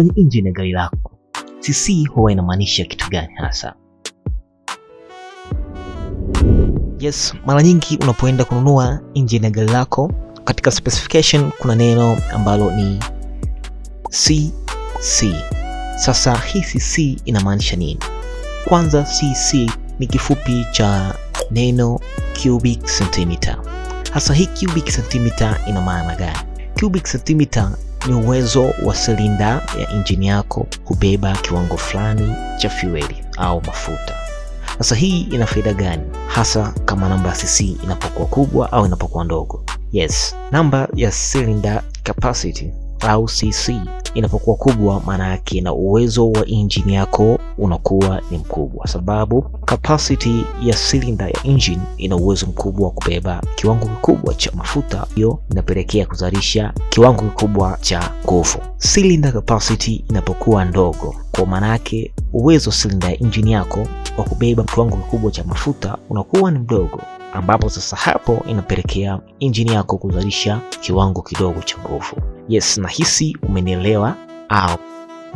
kwenye injini ya gari lako CC huwa inamaanisha kitu gani hasa? Yes, mara nyingi unapoenda kununua injini ya gari lako katika specification kuna neno ambalo ni CC. Sasa hii CC inamaanisha nini? Kwanza, CC ni kifupi cha neno cubic centimeter. Hasa hii cubic centimeter ina maana gani? Cubic centimeter ni uwezo wa silinda ya injini yako kubeba kiwango fulani cha fueli au mafuta. Sasa hii ina faida gani hasa kama namba ya cc inapokuwa kubwa au inapokuwa ndogo? Yes, namba ya silinda capacity au cc inapokuwa kubwa, maana yake na uwezo wa injini yako unakuwa ni mkubwa, sababu kapasiti ya silinda ya injini ina uwezo mkubwa wa kubeba kiwango kikubwa cha mafuta, hiyo inapelekea kuzalisha kiwango kikubwa cha nguvu. Silinda capacity inapokuwa ndogo, kwa maana yake uwezo wa silinda ya injini yako wa kubeba kiwango kikubwa cha mafuta unakuwa ni mdogo ambapo sasa hapo inapelekea injini yako kuzalisha kiwango kidogo cha nguvu. Yes, nahisi umenielewa au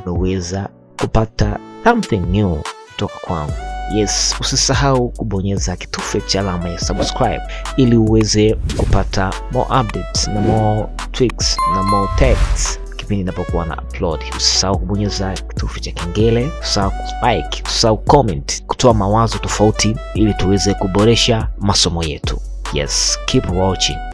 unaweza kupata something new kutoka kwangu. Yes, usisahau kubonyeza kitufe cha alama ya subscribe ili uweze kupata more updates na more tricks na more techs kipindi ninapokuwa na upload. Usisahau kubonyeza kitufe cha kengele, usisahau like, usisahau comment, kutoa mawazo tofauti ili tuweze kuboresha masomo yetu. Yes, keep watching.